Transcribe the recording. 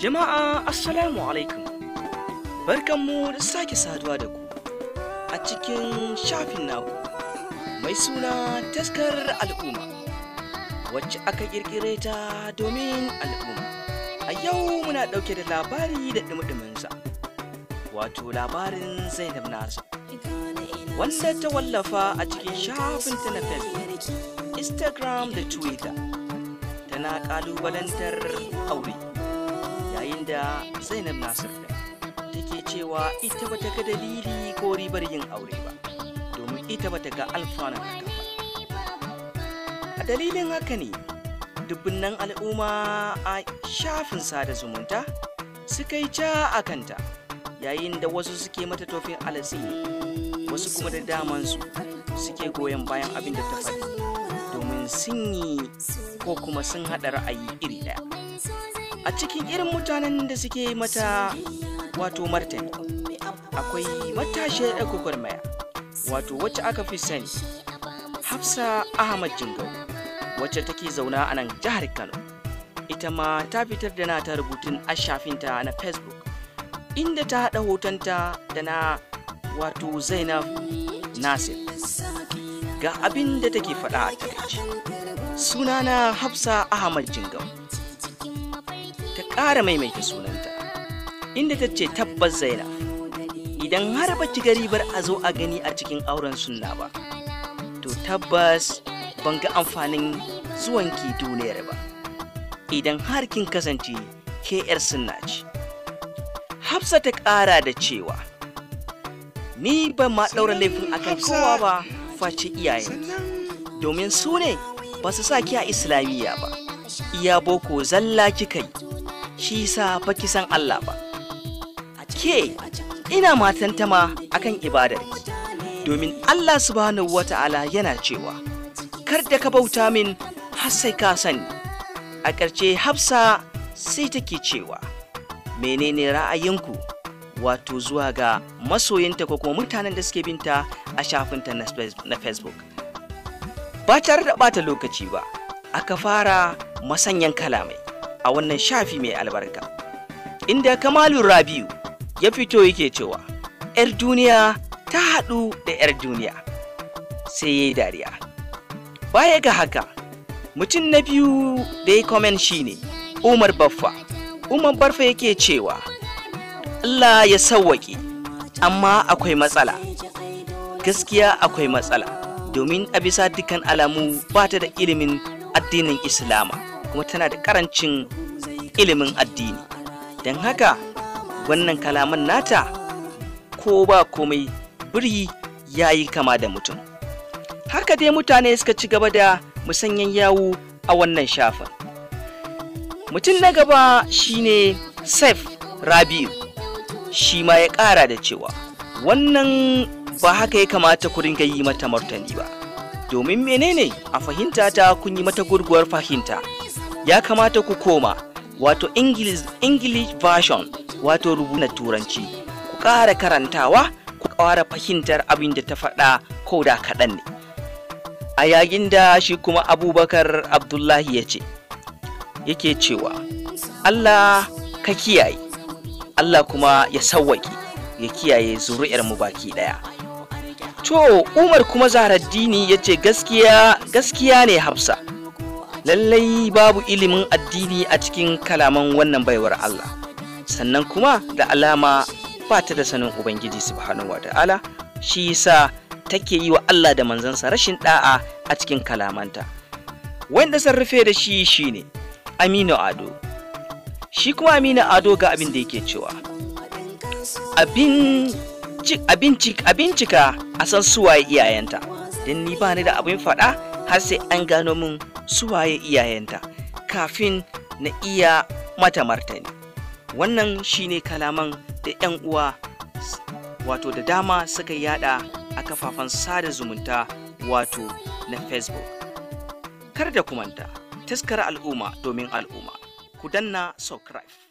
Jama'a Assalamu alaikum. Barkanmu da sake saduwa da ku a cikin shafin naku mai suna taskar al'umma wacce aka ƙirƙire ta domin al'umma. A yau muna ɗauke da labari da ɗumɗuminsa, wato labarin Zainab Nasu. Wanda ta wallafa a cikin shafinta na Facebook, Instagram da Twitter. Tana ƙalubalantar aure. da zainab nasir da take cewa ita bata ga dalili ko ribar yin aure ba domin ita bata ga alfanun haka ba a dalilin haka ne dubbunan al'umma a shafin sada zumunta suka yi ja a kanta yayin da wasu suke mata tofin alatsi wasu kuma da damansu suke goyon bayan abin da ta faɗi domin sun yi ko kuma sun haɗa ra'ayi iri ɗaya a cikin irin mutanen da suke mata wato martin akwai matashiyar ɗan gwagwarmaya wato wacce aka fi sani hafsa ahmad jingau wacce take zauna a nan jihar kano ita ma ta fitar da nata rubutun a shafinta na facebook inda ta haɗa hotonta da na wato zainab nasir ga abin da take faɗa a takaice sunana hafsa ahmad jingau ta ƙara maimaita sunanta inda ta ce tabbas zainab idan har ba ki gari bar a zo a gani a cikin auren sunna ba to tabbas ban ga amfanin zuwanki duniyar ba idan har kin kasance ke 'yar sunna ce hafsa ta ƙara da cewa ni ba ma ɗaura laifin akan kowa ba face iyayen domin su ne ba su sa ki a islamiyya ba iya boko zalla kika yi shi sa baki san Allah ba ke ina matantama akan ibadar domin Allah subhanahu wata'ala yana cewa kar da ka bauta min har sai ka sani a ƙarshe hafsa sai take cewa menene ra'ayinku wato zuwa ga masoyinta ko kuma mutanen da suke binta a shafinta na facebook ba tare da ɓata lokaci ba aka fara masanyan kalamai a wannan shafi mai albarka inda kamalu rabiu ya fito yake cewa 'yar duniya ta haɗu da 'yar duniya sai ya yi dariya baya ga haka mutum na biyu da ya komen ne umar baffa umar barfa yake cewa allah ya sawwaƙe amma akwai matsala gaskiya akwai matsala domin a bisa dukkan alamu ba ta da ilimin addinin islama kuma tana da karancin ilimin addini don haka wannan kalaman nata ko ba komai biri ya yi kama da mutum haka dai mutane suka ci gaba da musanyen yawu a wannan shafin mutum na gaba shine saif rabiu shi ma ya ƙara da cewa wannan ba haka ya kamata ku ringa yi mata martani ba domin menene a fahimta ta kun yi mata gurguwar fahimta ya kamata ku koma wato English, version wato rubuta turanci ku ƙara karantawa ku ƙara fahimtar abin da ta faɗa ko da kaɗan ne a yayin da shi kuma abubakar abdullahi ya ce yake cewa allah ka kiyaye allah kuma ya sawwaƙe ya kiyaye zuri'ar mu baki ɗaya to umar kuma zaharaddini ya ce gaskiya gaskiya ne hafsa lallai babu ilimin addini a cikin kalaman wannan baiwar Allah sannan kuma da alama ba ta da sanin ubangiji subhanahu wata'ala shi yasa take yi wa Allah da manzansa rashin da'a a cikin kalamanta wanda rufe da shi shine Aminu Ado shi kuma Aminu Ado ga abin da yake cewa abin a bincika a san suwaye iyayenta don ni ba ni da abin faɗa har sai an gano min Su waye iyayenta kafin na iya mata martani wannan shine kalaman da 'yan uwa wato da dama suka yada a kafafen sada zumunta wato na facebook kar da kumanta taskar al'umma domin al'umma ku danna subscribe